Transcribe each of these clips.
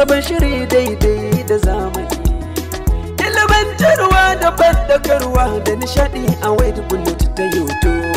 sabon shiri daidai da zamani ilimantarwa da bandakarwa da nishadi a wade bullet ta youtube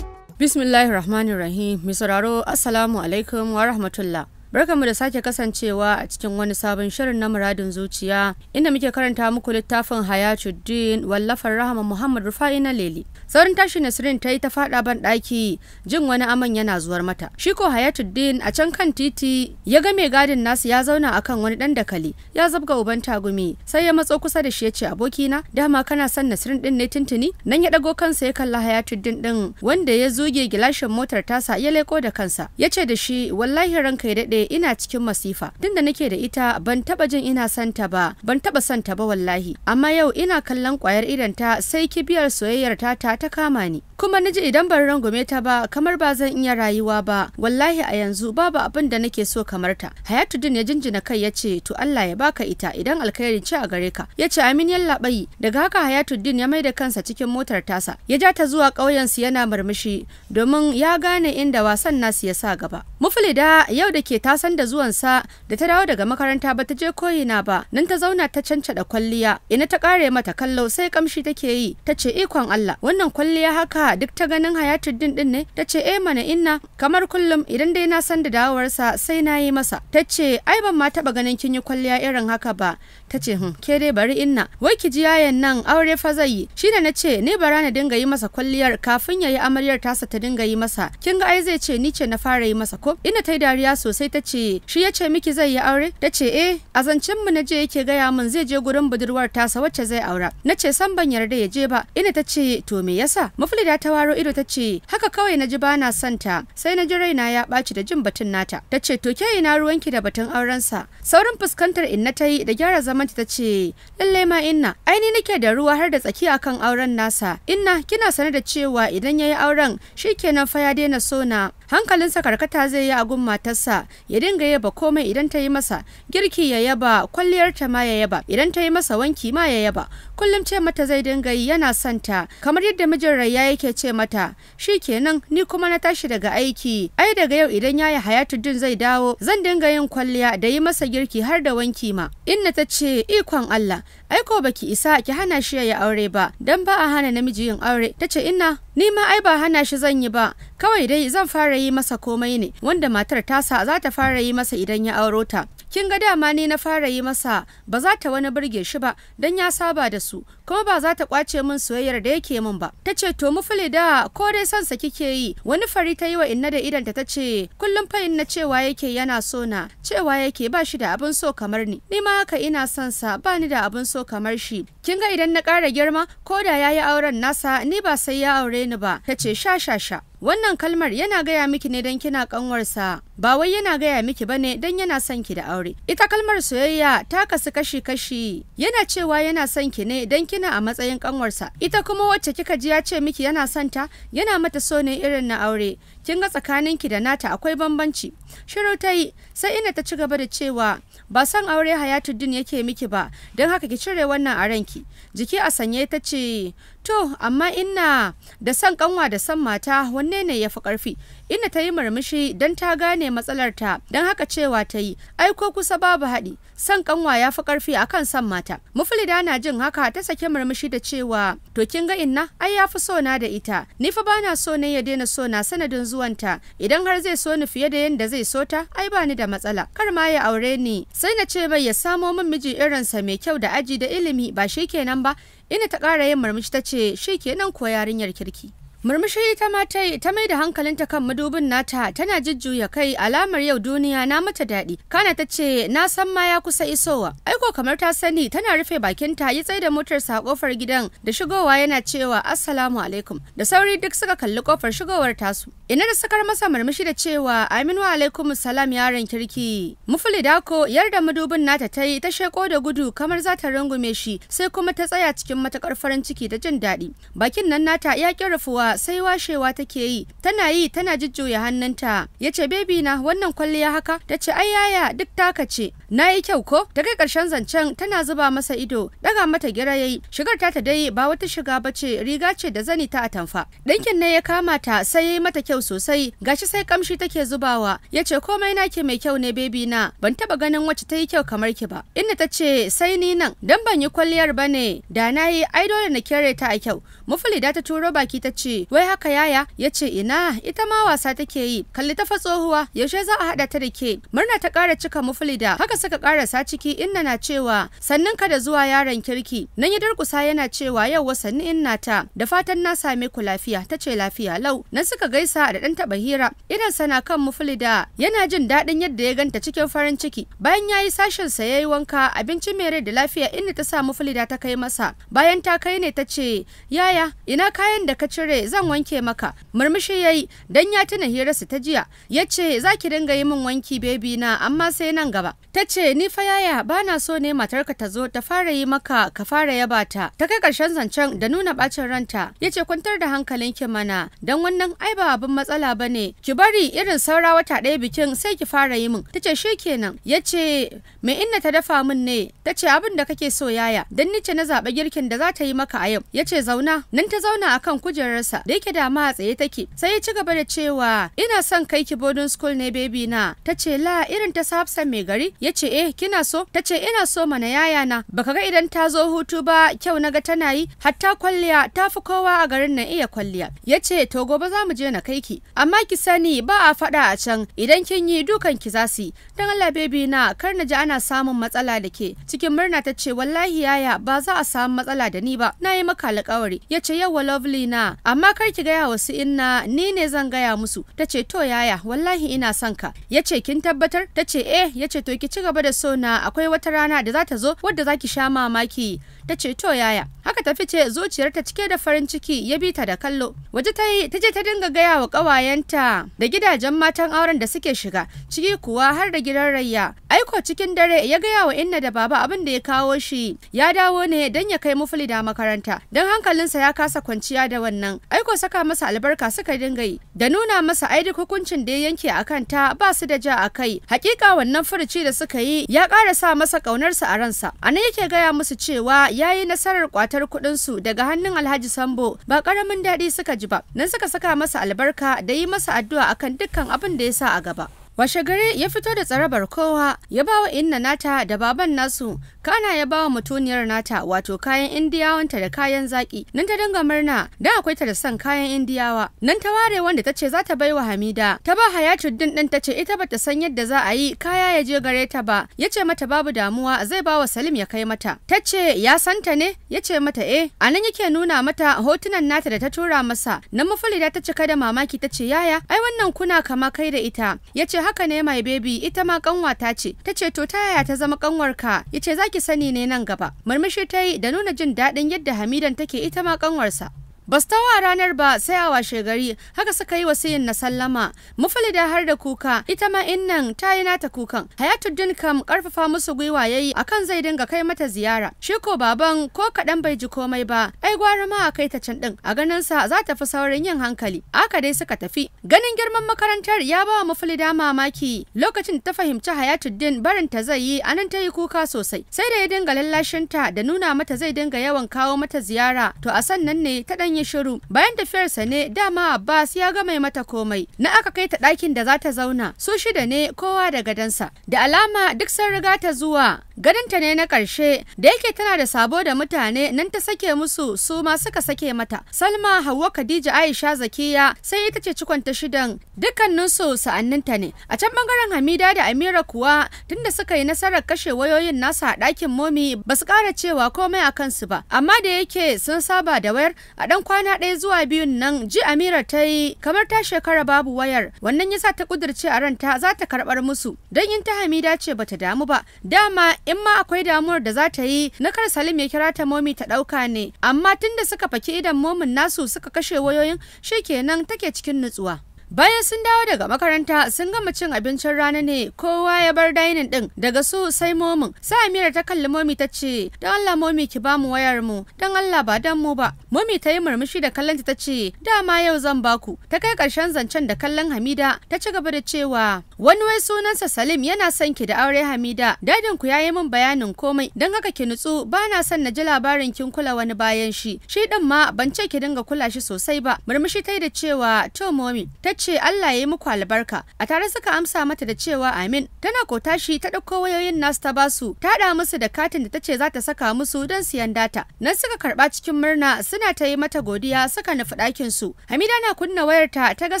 bismillahir rahmanir rahim mai sauraro assalamu alaikum wa rahmatullah Barkanmu da sake kasancewa a cikin wani sabon shirin na muradin zuciya inda muke karanta muku littafin Hayatuddin wallafar Rahama Muhammad Rufa'i na Leli. Saurin tashi Nasrin ta yi ta faɗa ban ɗaki jin wani aman yana zuwar mata. Shi ko Hayatuddin a can kan titi ya ga mai gadin nasu ya zauna akan wani ɗan dakali ya zabga uban tagumi sai ya matso kusa da shi ya ce abokina dama kana son Nasrin ɗin ne tuntuni nan ya ɗago kansa ya kalla Hayatuddin ɗin wanda ya zuge gilashin motar tasa ya leko da kansa ya ce da shi wallahi ranka ya daɗe ina cikin masifa tunda nake da ita ban taba jin ina santa ba ban taba santa ba wallahi amma yau ina kallon kwayar idan ta sai kibiyar soyayyar ta ta ta kama ni kuma naji idan ban rangume ta ba kamar ba zan iya rayuwa ba wallahi a yanzu babu abin da nake so kamar ta hayatuddin ya jinjina kai yace to Allah ya baka ita idan alkhairi ce a gare ka ya ce amin yalla bai daga haka hayatuddin ya maida kansa cikin motar tasa ya ja ta zuwa ƙauyen su yana murmushi domin ya gane inda wasan nasu ya sa gaba mufulida yau da ke ta ta san da zuwansa da ta dawo daga makaranta ba ta je koyina ba nan ta zauna ta canca da kwalliya ina ta kare mata kallo sai kamshi take yi ta ce ikon Allah wannan kwalliya haka duk ta ganin hayatu din din ne ta ce eh mana inna kamar kullum idan dai na san da dawowarsa sai na yi masa ta ce ai ban ma taba ganin kin yi kwalliya irin haka ba ta ce hm ke dai bari inna wai ki ji yayan nan aure fa zai yi shine na ce ni bara na dinga yi masa kwalliyar kafin yayi amaryar tasa ta dinga yi masa kin ga ai zai ce ni ce na fara yi masa ko ina ta yi dariya sosai ta ta ce shi ya ce miki zai yi aure ta ce eh a zancen mu na je yake gaya min zai je gurin budurwar tasa wacce zai aura na ce san ban yarda ya je ba ina ta ce to me yasa muflida ta waro ido ta ce haka kawai na ji bana son ta sai na ji raina ya ɓaci da jin batun nata ta ce to ke ina ruwanki da batun auren sa saurin fuskantar inna ta yi da gyara zamanta ta ce lallai ma inna ni nake da ruwa har da tsaki akan auren nasa inna kina sane da cewa idan ya yi auren Shi kenan fa ya daina sona Hankalin sa karkata zai yi agun matarsa ya dinga yaba komai idan ta yi masa girki ya yaba kwalliyarta ma ya yaba idan ta yi masa wanki ma ya yaba kullum ce mata zai dinga yi yana santa kamar yadda mijin rayya yake ce mata Shi shikenan ni kuma na tashi daga aiki ai daga yau idan yayi din zai dawo zan dinga yin kwalliya da yi masa girki har da wanki ma inna ta ce ikon Allah aiko baki isa ki hana shi ya aure ba dan ba a hana namiji yin aure tace ina ni ma ai ba hana shi zan yi ba kawai dai zan fara yi masa komai ne wanda matar ta sa za ta fara yi masa idan ya auro ta kin ga dama ne na fara yi masa ba za ta wani burge shi ba dan ya saba da su kuma ba za ta kwace min soyayyar da yake min ba ta ce to mu da ko dai son sa kike yi wani fari ta yi wa inna da idanta ta ce kullum fa inna cewa yake yana so na cewa yake ba shi da abin so kamar ni ni ma haka ina son sa ba ni da abin so kamar shi kin ga idan na ƙara girma ko da yayi auren nasa ni ba sai ya aure ni ba ta ce sha sha sha wannan kalmar yana gaya miki ne don kina kanwarsa ba wai yana gaya miki ba ne don yana son ki da aure ita kalmar soyayya ta kasu kashi kashi yana cewa yana son ki ne don kina Zaina a matsayin kanwarsa. Ita kuma wacce kika ji ya ce miki yana son yana mata so ne irin na aure. Kin ga tsakanin ki da nata akwai bambanci. Shiru ta yi, sai ina ta ci gaba da cewa ba san aure Hayatuddin yake miki ba, don haka ki cire wannan a ranki. Jiki a sanye ta ce, To, amma ina da son kanwa da san mata wanne ne ya fi karfi ina ta yi murmushi don ta gane matsalarta, don haka cewa ta yi, ai ko kusa babu haɗi. son kanwa ya fi karfi akan son mata Mufulida na jin haka ta sake murmushi da cewa to kin ga inna ai ya fi sona da ita ni fa bana so ne ya daina so na sanadin zuwanta idan har zai so ni fiye da yadda zai so ta ai ba ni da matsala kar ma ya aure ni sai na ce bai ya samo min miji irinsa mai kyau da aji da ilimi ba shi kenan ba ina ta ƙara yin murmushi ta ce shi kenan ko yarinyar kirki Murmushi ita ma ta yi ta mai da hankalinta kan madubin nata tana jujjuya kai alamar yau duniya na mata daɗi. Kana ta ce na san ma ya kusa isowa. Aiko kamar ta sani tana rufe bakinta ya tsaye da motar sa kofar gidan da shigowa yana cewa assalamu alaikum. Da sauri duk suka kalli kofar shigowar tasu. Ina da sakar masa murmushi da cewa aminu alaikum salam yaron kirki. Mufuli dako yarda madubin nata ta yi ta sheko da gudu kamar za ta rungume shi sai kuma ta tsaya cikin matakar farin ciki da jin daɗi. Bakin nan nata ya ƙi sai washewa take yi tana yi tana jujjuya hannunta ya ce bebi na wannan kwalliya haka ta ce ai yaya duk taka ce na yi kyau ko ta kai karshen zancen tana zuba masa ido daga mata gira yayi shigar ta ta dai ba wata shiga ba ce riga ce da zani ta atamfa ɗinkin ne ya kama ta sai ya yi mata kyau sosai gashi sai kamshi take zubawa yace komai naki mai kyau ne bebi na ban taba ganin wacce ta yi kyau kamar ki ba inda ta ce sai ni nan dan ban yi kwalliyar ba ne da na yi ai dole na kere ta a kyau mufulida ta turo baki ta ce wai haka yaya ya ce ina ita ma wasa take yi kalli ta tsohuwa yaushe za a haɗa ta da ke murna ta ƙara cika mufulida haka suka ƙarasa ciki inna na cewa sannan ka da zuwa yaron kirki nan ya durƙusa yana cewa yau wasannin inna ta da fatan na same ku lafiya ta ce lafiya lau nan suka gaisa da ɗan taɓa hira idan sana kan mufulida yana jin daɗin yadda ya ganta cikin farin ciki bayan ya yi sashen sa ya yi wanka abinci mai rai da lafiya inda ta sa mufulida ta kai masa bayan ta kai ne ta ce yaya kaya ina kayan da ka cire zan wanke maka murmushi ya yi don ya tuna hirarsu ta jiya ya ce za ki dinga yi min wanki bebi na amma sai nan gaba ta ce ni fa yaya ba na so ne matarka ta zo ta fara yi maka ka fara yaba ta ta kai ƙarshen zancen da nuna bacin ranta ya ce kwantar da hankalin hankalinki mana don wannan ai ba abin matsala ba ne ki bari irin saura wata ɗaya bikin sai ki fara yi min ta ce shi kenan ya ce me inna ta dafa min ne ta ce abin da kake so yaya don ce na zaɓa girkin da za ta yi maka a yau ya ce zauna nan ta zauna a kan kujerarsa da yake da ma tsaye take sai ya ci gaba da cewa ina son kai ki boarding school ne baby na ta ce la irin ta hafsan mai gari ya ce eh kina so ta ce ina so mana yaya na baka ga idan ta zo hutu ba kyau naga tana yi hatta kwalliya ta fi kowa a garin nan iya kwalliya ya ce to gobe za mu je na kai ki amma ki sani ba a faɗa a can idan kin yi dukan ki za su yi don Allah baby na kar na ji ana samun matsala da ke cikin murna ta ce wallahi yaya ba za a samu matsala da ni ba na yi maka alƙawari ya ce yawa lovely na amma kar ki gaya wa su inna ni ne zan gaya musu ta ce to yaya wallahi ina son ka ya ce kin tabbatar ta ce eh ya ce to ki ci gaba da so na akwai wata rana da za ta zo wadda za ki sha mamaki ta ce to yaya haka ta fice zuciyarta cike da farin ciki ya bi ta da kallo waje ta yi ta je ta dinga gaya wa ƙawayenta da gidajen matan auren da suke shiga ciki kuwa har da gidan rayya aiko cikin dare ya gaya wa inna da baba abin da ya kawo shi ya dawo ne don ya kai mufuli da makaranta don hankalinsa ya kasa kwanciya da wannan aiko saka masa albarka suka dinga yi da nuna masa aidi hukuncin da ya yanke a kanta ba su da ja a kai hakika wannan furuci da suka yi ya ƙara sa masa ƙaunarsa a ransa a nan yake gaya musu cewa ya yi nasarar kwatar kuɗinsu daga hannun Alhaji Sambo ba ƙaramin daɗi suka ji ba, nan suka saka masa albarka da yi masa addu'a akan dukkan abin da ya sa a gaba. washe gari ya fito da tsarabar kowa ya bawa inna nata da baban nasu kana ya bawa mutuniyar nata wato kayan indiyawanta da kayan zaki nan ta dinga murna da akwai ta da son kayan indiyawa nan ta ware wanda ta ce za ta bai wa hamida ta ba hayatuddin din ta ce ita ta san yadda za a yi kaya ya je gare ta ba ya ce mata babu damuwa zai bawa salim ya kai mata ta ce ya santa ne ya ce mata eh a nan yake nuna mata hotunan nata da ta tura masa nan mafalida ta cika da mamaki ta ce yaya ai wannan kuna kama kai da ita ya ce haka ne my baby ita ma kanwata ce ta ce to ta yaya ta zama kanwarka yace zaki za sani ne nan gaba murmushi ta yi da nuna jin daɗin yadda hamidan take ita ma kanwarsa ba su tawa ranar ba sai a washe gari haka suka yi wasiyin na sallama mufalida har da kuka ita ma innan ta yi nata kukan hayatuddin kam karfafa musu gwiwa ya yi akan zai dinga kai mata ziyara shi ko baban ko kaɗan bai ji komai ba ai gwara ma a kai ta can ɗin a ganin sa za ta fi saurin yin hankali aka dai suka tafi ganin girman makarantar ya ba wa da mamaki lokacin ta fahimci hayatuddin barin ta zai yi anan ta yi kuka sosai sai da ya dinga lallashinta da nuna mata zai dinga yawan kawo mata ziyara to a sannan ne ta ɗan yi shiru bayan tafiyarsa ne dama Abbas ya ga mai mata komai na aka kai ta ɗakin da za ta zauna su shida ne kowa da gadansa da alama duk sun riga ta zuwa gadonta ne na karshe da yake tana da sabo da mutane nan ta sake musu su ma suka sake mata Salma Hauwa Khadija Aisha Zakiya sai ita ce cikon ta shidan dukkaninsu sa'anninta ne a can bangaren Hamida da Amira kuwa tunda suka yi nasarar kashe wayoyin nasa a ɗakin momi ba su ƙara cewa komai a kansu ba amma da yake sun saba da wayar a ɗan kwana ɗaya zuwa biyun nan ji Amira ta yi kamar ta shekara babu wayar wannan yasa ta kudirce a ranta za ta karɓar musu don in ta Hamida ce bata damu ba dama in ma akwai damuwar da za ta yi na kar Salim ya kira ta momi ta ɗauka ne amma tunda suka faki idan momin nasu suka kashe wayoyin shikenan take cikin nutsuwa. Bayan sun dawo daga makaranta sun gama cin abincin rana ne kowa ya bar dainin din daga su sai momin. Sai Amira ta kalli momi ta ce, don Allah momi ki bamu wayar mu, don Allah ba dan mu ba." Momi ta yi murmushi da kallon ta ce, "Dama yau zan baku." Ta kai ƙarshen zancen da kallon Hamida ta ci gaba da cewa, Wani wai sunansa Salim yana son ki da aure Hamida. Dadin ku yayi min bayanin komai don haka ki nutsu ba na son na ji labarin kin kula wani bayan shi. Shi din ma ban ce ki dinga kula shi sosai ba. Murmushi ta da cewa to momi ta ce Allah ya yi muku albarka. A tare suka amsa mata da cewa amin. Tana ko tashi ta ɗauko wayoyin nasu ta basu. Ta haɗa musu da katin da ta ce za ta saka musu don siyan data. Nan suka karɓa cikin murna suna ta yi mata godiya suka nufi ɗakin su. Hamida na kunna wayarta ta ga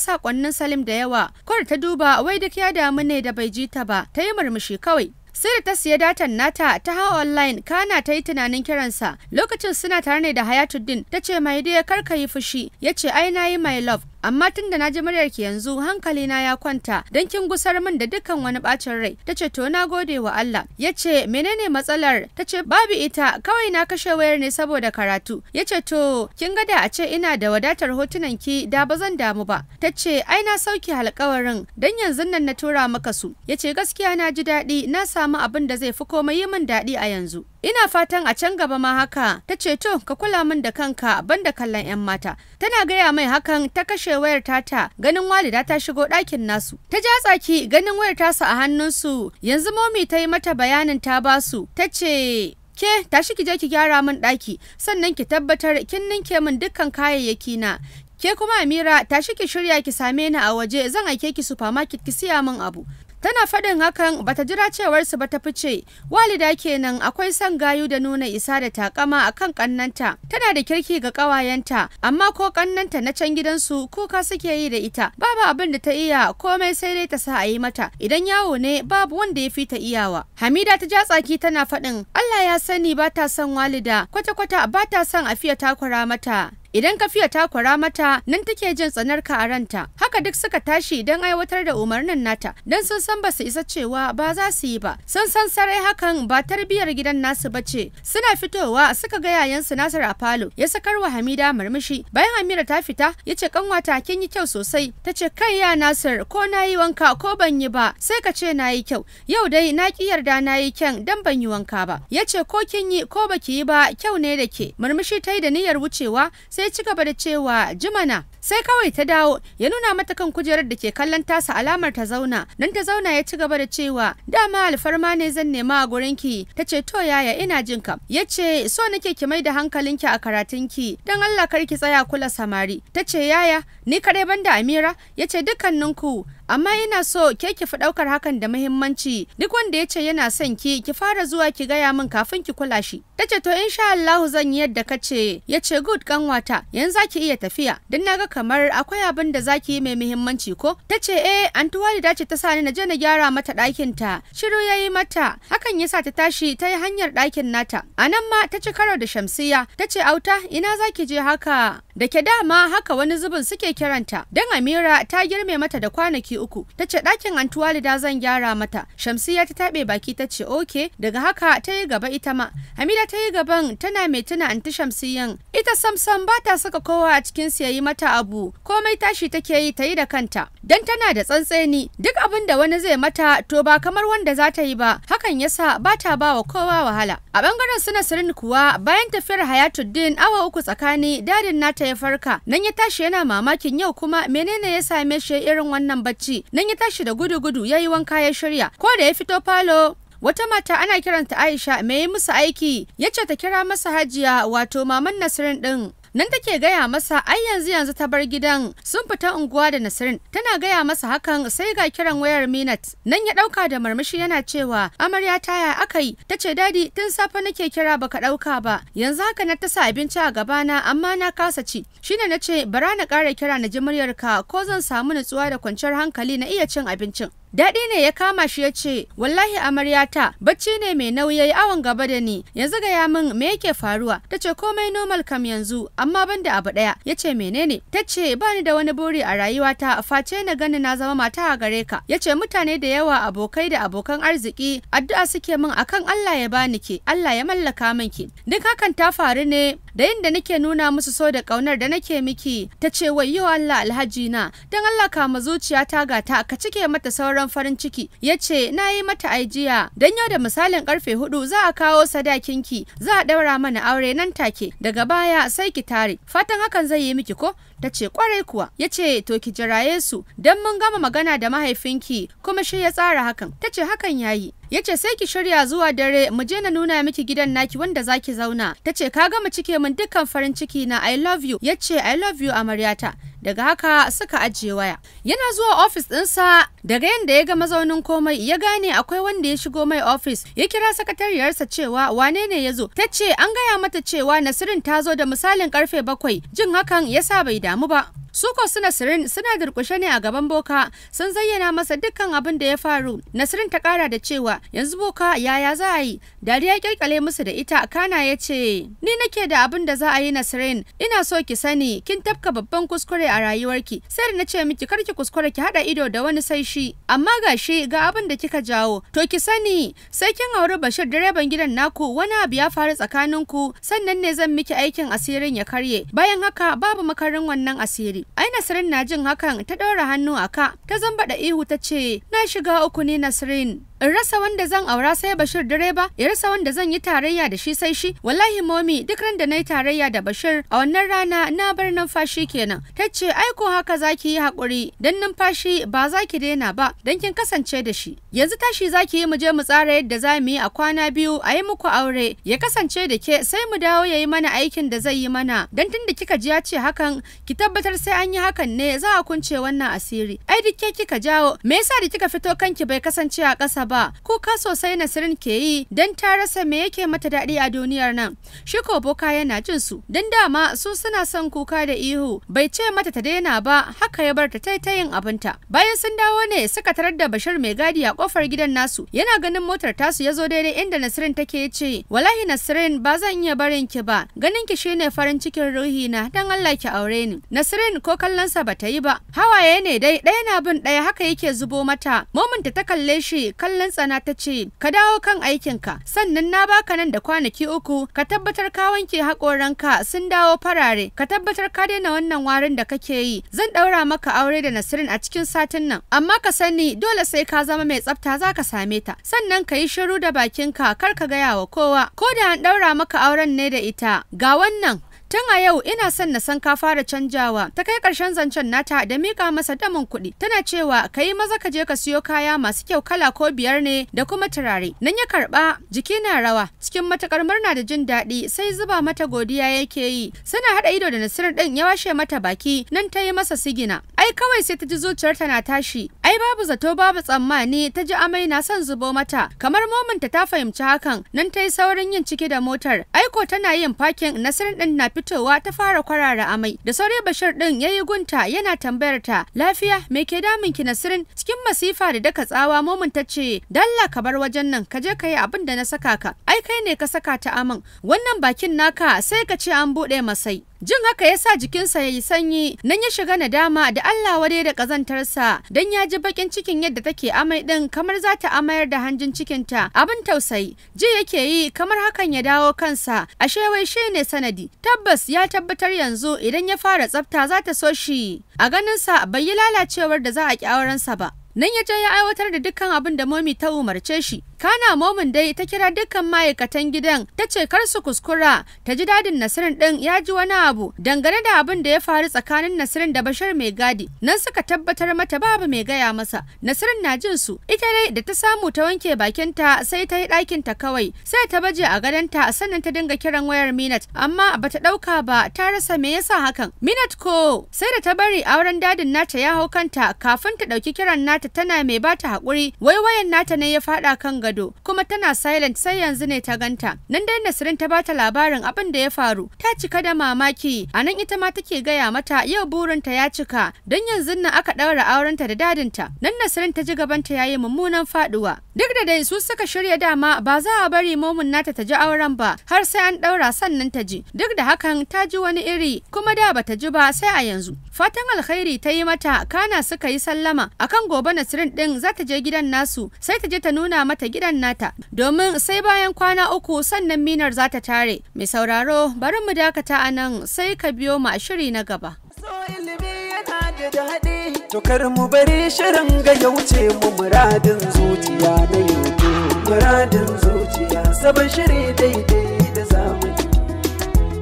sakonnin Salim da yawa. Kwar ta duba wai duk ya ta damu ne da bai ji ta ba ta yi murmushi kawai sai da ta siya datan nata ta hau online kana ta yi tunanin kiransa lokacin suna tare ne da hayatuddin ta ce mai dai kar ka yi fushi ya ce ai na yi my love amma tun da na ji muryarki yanzu hankali na ya kwanta don kin gusar min da dukkan wani bacin rai ta ce to na gode wa Allah ya ce menene matsalar ta ce babu ita kawai na kashe wayar ne saboda karatu ya ce to kin ga da a ce ina da wadatar hotunan ki da ba zan damu ba ta ce ai na sauke alkawarin dan yanzu nan na tura maka su ya ce gaskiya na ji daɗi na samu abin da zai fi komai yi min daɗi a yanzu Ina fatan a can gaba ma haka ta ce to ka kula min da kanka banda kallon 'yan mata. Tana gaya mai hakan ta kashe wayar tata ganin walida ta shigo ɗakin nasu. Ta ja tsaki ganin wayar tasa a hannunsu yanzu momi ta yi mata bayanin ta basu ta ce ke tashi ki je ki gyara min ɗaki sannan ki tabbatar kin ninke min dukkan kayayyaki na ke kuma Amira tashi ki shirya ki same ni a waje zan aike ki supermarket ki siya min abu tana faɗin hakan bata jira cewar su ba ta fice walida kenan akwai son gayu da nuna isa da takama akan kannanta tana da kirki ga ƙawayenta amma ko kannanta na can gidansu kuka suke yi da ita babu abin da ta iya komai sai dai ta sa a yi mata idan yawo ne babu wanda ya fi ta iyawa hamida ta ja tsaki tana faɗin allah ya sani ba ta son walida kwata-kwata ba ta son a fiya takura mata Idan ka fiya takwara mata nan take jin tsanar ka a ranta. Haka duk suka tashi don aiwatar da umarnin nata don sun san ba isa cewa ba za su yi ba. Sun san sarai hakan ba tarbiyar gidan nasu ba ce. Suna fitowa suka ga yayansu nasar a falo ya sakar wa Hamida murmushi. Bayan Hamida ta fita ya ce kanwata kin yi kyau sosai. Ta ce kai ya Nasir ko na yi wanka ko ban yi ba sai ka ce na yi kyau. Yau dai na ki yarda na yi kyan dan ban yi wanka ba. Ya ce ko kin yi ko baki yi ba kyau ne da ke. Murmushi ta yi da niyyar wucewa sai ci gaba da cewa jimana sai kawai ta dawo ya nuna mata kan kujerar da ke kallon tasa alamar ta zauna nan ta zauna ya ci gaba da cewa dama alfarma ne zan nema a gurinki ta ce to yaya ina jin ka ya ce so nake ki mai da hankalinki a karatunki don Allah kar ki tsaya kula samari ta ce yaya ni kare banda Amira ya ce dukkaninku amma ina so ke ki fi ɗaukar hakan da muhimmanci duk wanda ya ce yana son ki ki fara zuwa ki gaya min kafin ki kula shi ta ce to insha Allah zan yi yadda ka ce ya ce good kanwata yanzu za ki iya tafiya don naga kamar akwai abin da za ki yi mai muhimmanci ko ta ce eh anti walida ce ta sa na je na gyara mata ɗakin ta shiru ya yi mata hakan ya sa ta tashi ta yi hanyar ɗakin nata a nan ma ta ci karo da shamsiya ta ce auta ina za ki je haka da ke dama haka wani zubin suke kiranta don amira ta girme mata da kwanaki uku ta ce ɗakin antuwalida zan gyara mata shamsiya ta taɓe baki ta ce oke daga haka ta yi gaba ita ma hamida ta yi gaban tana mai tuna anti shamsiyan ita samsam ba ta saka kowa a cikin su yayi mata abu komai tashi take yi ta yi da kanta dan tana da tsantseni duk abin da wani zai mata to ba kamar wanda za ta yi ba hakan yasa ba ta ba wa kowa wahala a bangaren suna sirin kuwa bayan tafiyar hayatuddin awa uku tsakani dadin nata ya farka nan ya tashi yana mamakin yau kuma menene ya same shi irin wannan bacci lokaci nan ya tashi da gudu-gudu ya yi wanka ya shirya ko da ya fito falo wata mata ana kiranta Aisha mai musu aiki ya ce ta kira masa hajiya wato maman Nasirin din nan take gaya masa ai yanzu yanzu ta bar gidan sun fita unguwa da Nasirin tana gaya masa hakan sai ga kiran wayar Minat nan ya dauka da marmashi yana cewa amarya taya aka yi tace dadi tun safe nake kira baka dauka ba yanzu haka na tasa abinci a gabana amma na kasa ci shine ce, bara na kara kira na ji muryarka ko zan samu nutsuwa da kwanciyar hankali na iya cin abincin Daɗi ne ya kama shi ya ce, Wallahi amaryata, bacci ne mai nauyi awon gaba da ni, yanzu ga ya min me yake faruwa? Ta ce komai normal kam yanzu, amma ban da abu ɗaya. Ya ce menene? Ta ce ba ni da wani buri a rayuwata, face na gani na zama mata a gare ka. Ya ce mutane da yawa abokai da abokan arziki, addu'a suke min akan Allah ya bani ki, Allah ya mallaka min ki. Duk hakan ta faru ne da yin da nake nuna musu so da ƙaunar da nake miki. Ta ce wayyo Allah alhaji na, don Allah kama zuciya ta gata ka cike mata sauran sauran farin ciki ya ce na yi mata ajiya don yau da misalin karfe hudu za a kawo sadakinki za a daura mana aure nan take daga baya sai ki tare fatan hakan zai yi miki ko ta ce kwarai kuwa ya ce to ki jiraye su don mun gama magana da mahaifinki kuma shi ya tsara hakan ta ce hakan ya yi. ya ce sai ki shirya zuwa dare mu je na nuna miki gidan naki wanda za ki zauna ta ce ka gama cike min dukkan farin ciki na i love you ya ce i love you amaryata daga haka suka ajiye waya yana zuwa ofis ɗinsa daga yanda ya ga mazaunin komai ya gane akwai wanda ya shigo mai ofis ya kira sakatariyarsa cewa wane ne ya zo ta ce an gaya mata cewa nasirin ta zo da misalin karfe bakwai jin hakan ya sa bai da damu ba Suko su Nasirin suna durkushe ne a gaban Boka sun zayyana masa dukkan abin da ya faru. Nasirin ta kara da cewa yanzu Boka yaya za a yi? Dariya kirkale musu da ita kana ya ce ni nake da abin da za a yi Nasirin ina so ki sani kin tafka babban kuskure a rayuwarki sai da na ce miki kar ki kuskure ki haɗa ido da wani sai shi amma ga shi ga abin da kika jawo to ki sani sai kin auri Bashir direban gidan naku wani abu ya faru tsakaninku sannan ne zan miki aikin asirin ya karye bayan haka babu makarin wani wannan asiri ai Nasrin na jin hakan ta ɗora hannu a ka ta zambaɗa ihu ta ce na shiga uku ne Nasrin in rasa wanda zan aura sai Bashir direba ya rasa wanda zan yi tarayya da shi sai shi wallahi momi duk ran da na yi tarayya da Bashir a wannan rana na bar numfashi kenan ta ce ai ko haka zaki yi hakuri dan numfashi ba za ki daina ba dan kin kasance da shi yanzu tashi za ki yi mu je mu tsara yadda za mu yi a kwana biyu a yi muku aure ya kasance da ke sai mu dawo ya yi mana aikin da zai yi mana dan tun kika ji ya ce hakan ki tabbatar sai an yi hakan ne za a kunce wannan asiri ai duk ke kika jawo me yasa da kika fito kanki bai kasance a ƙasa ba kuka sosai nasirin ke yi don ta rasa me yake mata daɗi a duniyar nan shi ko boka yana jin su don dama su suna son kuka da ihu bai ce mata ta daina ba haka ya bar ta taitayin abinta bayan sun dawo ne suka tarar da bashir mai gadi a kofar gidan nasu yana ganin motar tasu ya zo daidai inda nasirin take ce walahi nasirin ba zan iya barin ki ba ganin ki shine farin cikin ruhi na dan Allah ki aure ni nasirin ko kallon sa bata yi ba hawaye ne dai ɗaya na bin ɗaya haka yake zubo mata momin ta kalle shi kallon kallon tsana ta ce ka dawo kan aikinka sannan na baka nan da kwanaki uku ka tabbatar ka wanke haƙoranka sun dawo farare ka tabbatar ka daina wannan warin da kake yi zan ɗaura maka aure da Nasirin a cikin satin nan amma ka sani dole sai ka zama mai tsafta za ka same ta sannan ka yi shiru da bakinka kar ka gaya wa kowa ko da an ɗaura maka auren ne da ita ga wannan Tun a yau ina son na san ka fara canjawa. Ta kai ƙarshen zancen nata da mika masa damin kuɗi. Tana cewa ka yi maza ka je ka siyo kaya masu kyau kala ko biyar ne da kuma turare. Nan ya karɓa jiki na rawa cikin matakar murna da jin daɗi sai zuba mata godiya yake yi. Suna haɗa ido da Nasir ɗin ya washe mata baki nan ta yi masa sigina. Ai kawai sai ta ji zuciyar na tashi. Ai babu zato babu tsammani ta ji amai na son zubo mata. Kamar mominta ta fahimci hakan nan ta yi saurin yin ciki da motar. Aiko tana yin fakin Nasir ɗin na fitowa ta fara kwarara amai da saurayi bashir din yayi gunta yana tambayar ta lafiya me ke damun ki nasirin cikin masifa da daka tsawa momin ta ce dalla ka bar wajen nan ka je ka yi abin da na saka ka ai kai ne ka saka ta amin wannan bakin naka sai ka ce an buɗe masai Jin haka ya sa jikinsa ya yi sanyi, nan ya shiga nadama da Allah wadai da ƙazantarsa, don ya ji baƙin cikin yadda take amai din kamar za ta amayar da hanjin cikinta. Abin tausayi, ji yake yi kamar hakan ya dawo kansa, ashe wai shi ne sanadi. Tabbas ya tabbatar yanzu idan ya fara tsafta za ta so shi. A ganinsa bai yi lalacewar da za a ƙi aurensa ba. Nan ya je ya aiwatar da dukkan abin da momi ta umarce shi, Kana momin dai ta kira dukkan ma'aikatan gidan ta ce kar su kuskura ta ji dadin Nasirin din ya ji wani abu dangane da abin da ya faru tsakanin Nasirin da bashar mai gadi. Nan suka tabbatar mata babu mai gaya masa. Nasirin na jin su. Ita dai da ta samu ta wanke bakinta sai ta yi ɗakin ta kawai. Sai ta baje a gadonta sannan ta dinga kiran wayar Minat amma bata ɗauka ba ta rasa me yasa hakan. Minat ko sai da ta bari auren dadin nata ya hau kanta kafin ta ɗauki kiran nata tana mai bata haƙuri wai wayan nata ne ya faɗa kan gari. gado kuma tana silent sai yanzu ne ta ganta nan dai Nasrin ta bata labarin abin da ya faru ta cika da mamaki a nan ita ma take gaya mata yau burinta ya cika don yanzu nan aka ɗaura aurenta da dadinta nan Nasrin ta ji gabanta yayi mummunan faɗuwa Duk da dai su suka shirya dama ba za a bari momin nata ta ji auren ba har sai an ɗaura sannan ta ji. Duk da hakan ta ji wani iri kuma da ba ta ji ba sai a yanzu. Fatan alkhairi ta yi mata kana suka yi sallama akan gobe Nasirin ɗin za ta je gidan nasu sai ta je ta nuna mata gidan nata domin sai bayan kwana uku sannan minar za ta tare. Mai sauraro bari mu dakata a nan sai ka biyo mu a shiri na gaba. So ilimi yana da Tukar mu bari shirin ga ya wuce mu muradin zuciya na yanzu. Muradin zuciya sabon shiri daidai da zamani.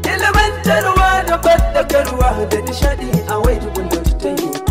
Ilimantarwa da faddakarwa da nishadi a wai da ta yi.